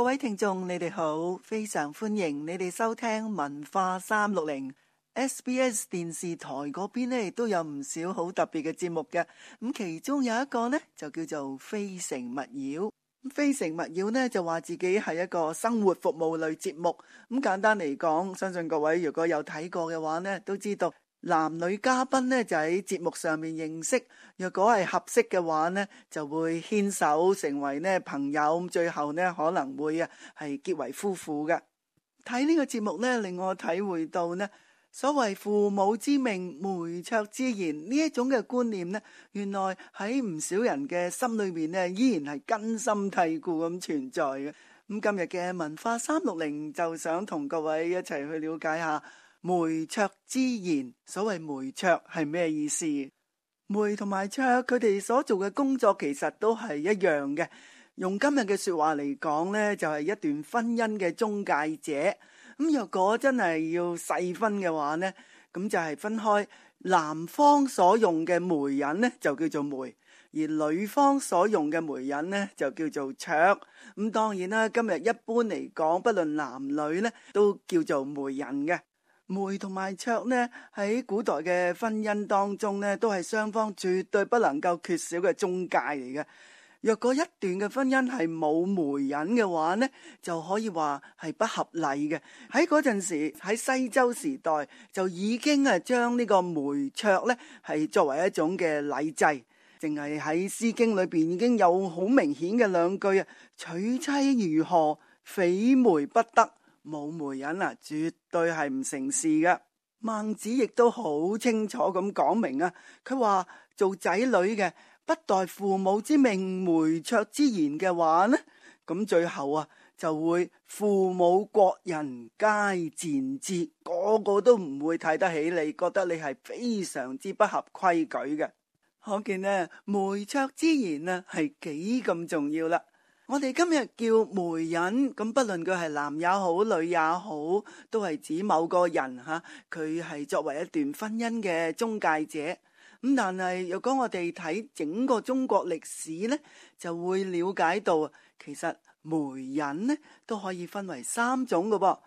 各位聽眾，你哋好，非常歡迎你哋收聽文化三六零。SBS 電視台嗰邊都有唔少好特別嘅節目嘅。咁其中有一個呢，就叫做《非誠勿擾》。《非誠勿擾》呢，就話自己係一個生活服務類節目。咁簡單嚟講，相信各位如果有睇過嘅話呢，都知道。男女嘉賓咧就喺節目上面認識，若果係合適嘅話呢就會牽手成為呢朋友，最後呢，可能會啊係結為夫婦嘅。睇呢個節目呢，令我體會到呢所謂父母之命、媒妁之言呢一種嘅觀念呢，原來喺唔少人嘅心裏面呢，依然係根深蒂固咁存在嘅。咁今日嘅文化三六零就想同各位一齊去了解下。媒妁之言，所謂媒妁係咩意思？媒同埋妁，佢哋所做嘅工作其實都係一樣嘅。用今日嘅說話嚟講呢就係、是、一段婚姻嘅中介者。咁若果真係要細分嘅話呢咁就係、是、分開男方所用嘅媒人呢就叫做媒；而女方所用嘅媒人呢就叫做妁。咁當然啦，今日一般嚟講，不論男女呢都叫做媒人嘅。媒同埋妁呢，喺古代嘅婚姻當中呢，都係雙方絕對不能夠缺少嘅中介嚟嘅。若果一段嘅婚姻係冇媒人嘅話呢，就可以話係不合禮嘅。喺嗰陣時喺西周時代就已經係將呢個媒妁呢係作為一種嘅禮制，淨係喺《詩經裏面》裏邊已經有好明顯嘅兩句啊：娶妻如何，匪媒不得。冇媒人啊，絕對係唔成事嘅。孟子亦都好清楚咁講明啊，佢話做仔女嘅，不待父母之命，媒妁之言嘅話呢，咁最後啊，就會父母國人皆賤之，個個都唔會睇得起你，覺得你係非常之不合規矩嘅。可見呢媒妁之言啊，係幾咁重要啦。我哋今日叫媒人，咁不論佢係男也好，女也好，都係指某個人吓，佢係作為一段婚姻嘅中介者。咁但係若果我哋睇整個中國歷史呢，就會了解到，其實媒人呢都可以分為三種㗎噃。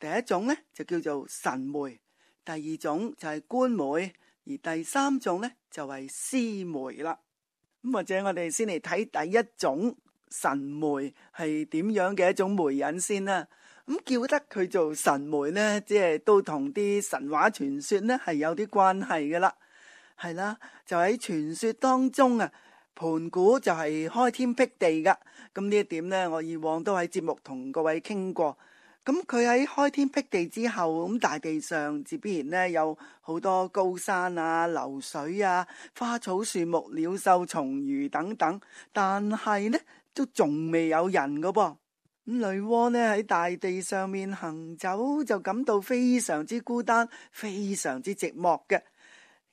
第一種呢，就叫做神媒，第二種就係官媒，而第三種呢，就係私媒啦。咁或者我哋先嚟睇第一種。神媒係點樣嘅一種媒人先啦？咁叫得佢做神媒呢，即係都同啲神話傳說呢係有啲關係噶啦，係啦，就喺傳說當中啊，盤古就係開天闢地噶。咁呢一點呢，我以往都喺節目同各位傾過。咁佢喺開天闢地之後，咁大地上自必然呢有好多高山啊、流水啊、花草樹木、鳥獸蟲魚等等，但係呢。都仲未有人㗎噃，咁女媧呢喺大地上面行走，就感到非常之孤單，非常之寂寞嘅。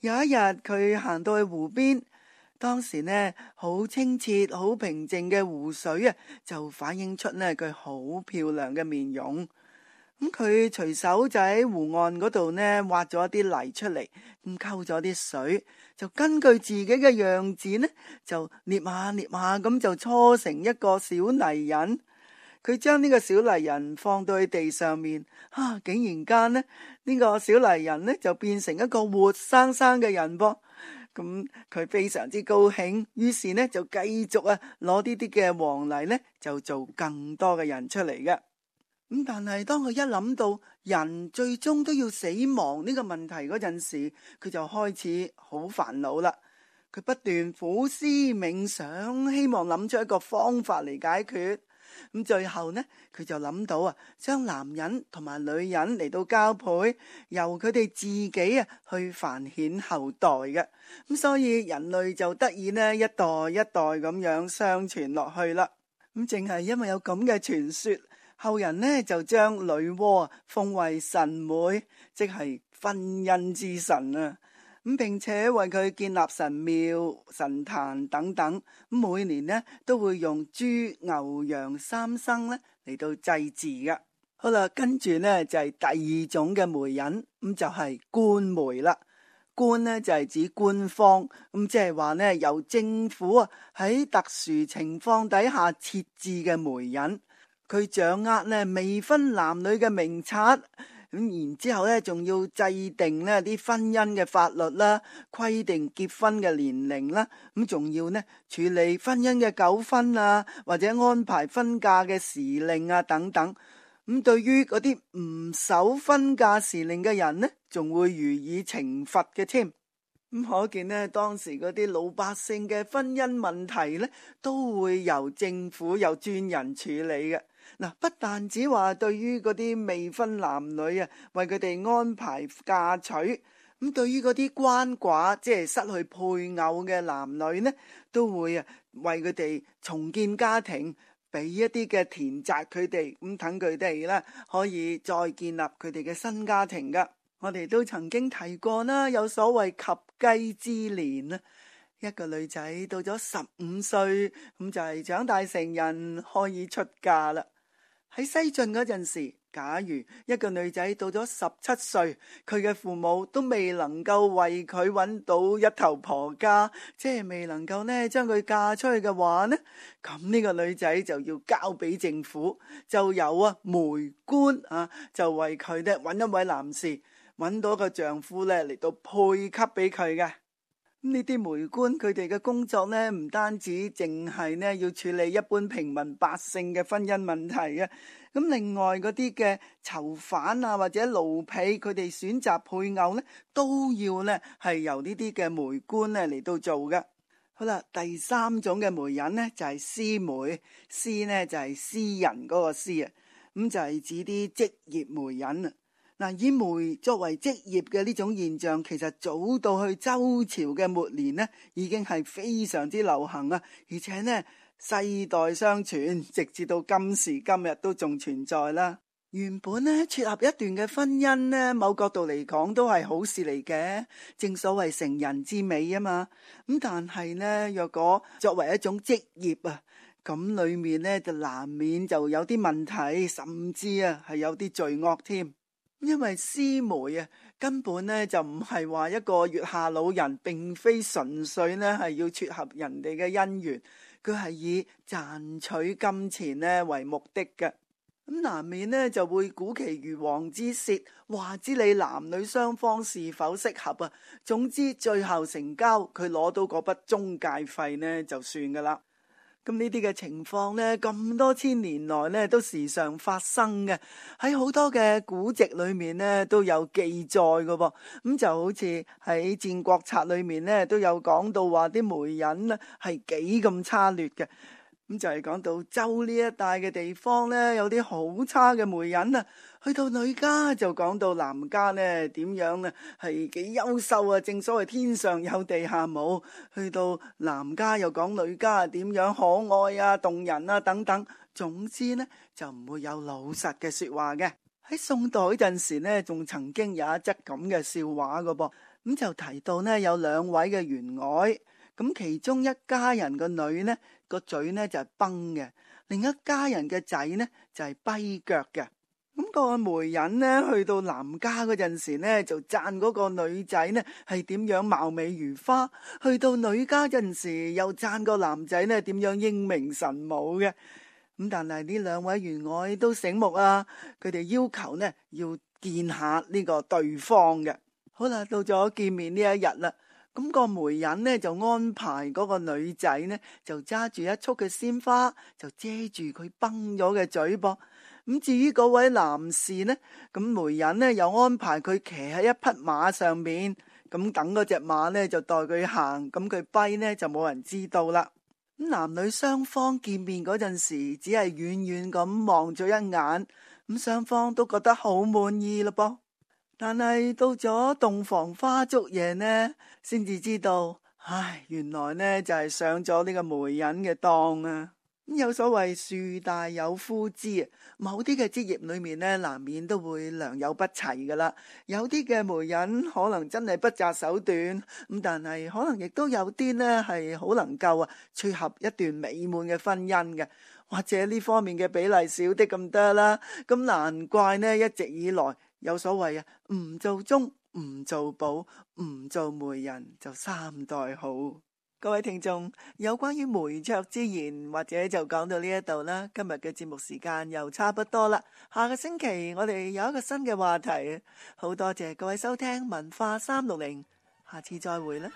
有一日佢行到去湖邊，當時呢好清澈、好平靜嘅湖水啊，就反映出呢佢好漂亮嘅面容。咁佢隨手就喺湖岸嗰度呢挖咗啲泥出嚟，咁溝咗啲水，就根據自己嘅樣子呢，就捏下捏下，咁就搓成一個小泥人。佢將呢個小泥人放到去地上面，啊，竟然間呢呢、呢個小泥人呢就變成一個活生生嘅人噃。咁佢非常之高興，於是呢就繼續啊攞呢啲嘅黃泥呢就做更多嘅人出嚟嘅。咁，但係當佢一諗到人最終都要死亡呢個問題嗰陣時，佢就開始好煩惱啦。佢不斷苦思冥想，希望諗出一個方法嚟解決。咁最後呢，佢就諗到啊，將男人同埋女人嚟到交配，由佢哋自己啊去繁衍後代嘅咁，所以人類就得以呢一代一代咁樣相傳落去啦。咁，淨係因為有咁嘅傳說。後人呢就將女媧奉為神媒，即係婚姻之神啊！咁並且為佢建立神廟、神壇等等。咁每年呢都會用豬、牛、羊三牲呢嚟到祭祀嘅。好啦，跟住呢就係第二種嘅媒人，咁就係官媒啦。官呢就係指官方，咁即係話呢由政府啊喺特殊情況底下設置嘅媒人。佢掌握咧未婚男女嘅名冊，咁然之後咧仲要制定呢啲婚姻嘅法律啦，規定結婚嘅年齡啦，咁仲要呢處理婚姻嘅糾紛啊，或者安排婚嫁嘅時令啊等等。咁對於嗰啲唔守婚嫁時令嘅人呢，仲會予以懲罰嘅添。咁可見呢當時嗰啲老百姓嘅婚姻問題呢，都會由政府有專人處理嘅。嗱，不但只話對於嗰啲未婚男女啊，為佢哋安排嫁娶，咁對於嗰啲鰥寡，即係失去配偶嘅男女呢，都會啊為佢哋重建家庭，俾一啲嘅田宅佢哋，咁等佢哋咧可以再建立佢哋嘅新家庭噶。我哋都曾經提過啦，有所謂及笄之年，一個女仔到咗十五歲咁就係、是、長大成人，可以出嫁啦。喺西晉嗰陣時，假如一個女仔到咗十七歲，佢嘅父母都未能夠為佢揾到一頭婆家，即係未能夠咧將佢嫁出去嘅話咧，咁、呢、呢個女仔就要交俾政府，就有啊媒官啊就為佢咧揾一位男士，揾到個丈夫咧嚟到配給俾佢嘅。咁呢啲媒官佢哋嘅工作咧，唔單止淨係咧要處理一般平民百姓嘅婚姻問題啊。咁另外嗰啲嘅囚犯啊或者奴婢，佢哋選擇配偶咧都要咧係由呢啲嘅媒官咧嚟到做嘅。好啦，第三種嘅媒人咧就係私媒，私咧就係私人嗰個私啊，咁就係、是、指啲職業媒人。嗱，以媒作為職業嘅呢種現象，其實早到去周朝嘅末年呢已經係非常之流行啊！而且呢，世代相傳，直至到今時今日都仲存在啦。原本呢，撮合一段嘅婚姻呢，某角度嚟講都係好事嚟嘅，正所謂成人之美啊嘛。咁但係呢，若果作為一種職業啊，咁裏面呢，就難免就有啲問題，甚至啊係有啲罪惡添。因為私媒啊，根本咧就唔係話一個月下老人，並非純粹咧係要撮合人哋嘅姻緣，佢係以賺取金錢咧為目的嘅，咁難免呢就會鼓其如簧之舌，話知你男女雙方是否適合啊。總之最後成交，佢攞到嗰筆中介費呢，就算噶啦。咁呢啲嘅情況呢，咁多千年來呢都時常發生嘅，喺好多嘅古籍裏面呢都有記載嘅喎。咁就好似喺《戰國策》裏面呢都有講到話啲媒人呢係幾咁差劣嘅。咁就係講到周呢一帶嘅地方呢，有啲好差嘅媒人啊。去到女家就講到男家呢點樣呢係幾優秀啊，正所謂天上有地下冇，去到男家又講女家點樣可愛啊、動人啊等等。總之呢，就唔會有老實嘅說話嘅。喺宋代嗰陣時呢，仲曾經有一則咁嘅笑話嘅噃，咁就提到呢，有兩位嘅員外，咁其中一家人個女呢，個嘴呢就係崩嘅，另一家人嘅仔呢，就係跛腳嘅。咁、個媒人呢，去到男家嗰陣時呢，就讚嗰個女仔呢係點樣貌美如花，去到女家陣時，又讚個男仔呢點樣英明神武嘅。咁但係呢兩位員外都醒目啊，佢哋要求呢要見下呢個對方嘅。好啦，到咗見面呢一日啦，咁、個媒人呢，就安排嗰個女仔呢，就揸住一束嘅鮮花，就遮住佢崩咗嘅嘴噃。咁至於嗰位男士呢，咁媒人呢又安排佢騎喺一匹馬上面，咁等嗰隻馬呢就代佢行，咁佢跛呢就冇人知道啦。咁男女雙方見面嗰陣時，只係遠遠咁望咗一眼，咁雙方都覺得好滿意咯噃。但係到咗洞房花燭夜呢，先至知道，唉，原來呢就係上咗呢個媒人嘅當啊！有所謂樹大有枯枝啊，某啲嘅職業裏面呢，難免都會良莠不齊噶啦。有啲嘅媒人可能真係不擇手段，咁但係可能亦都有啲呢係好能夠啊撮合一段美滿嘅婚姻嘅，或者呢方面嘅比例少啲咁多啦。咁難怪呢，一直以來有所謂啊，唔做中唔做保，唔做媒人就三代好。各位聽眾，有關於媒妁之言，或者就講到呢一度啦。今日嘅節目時間又差不多啦。下個星期我哋有一個新嘅話題，好多謝各位收聽文化三六零，下次再會啦。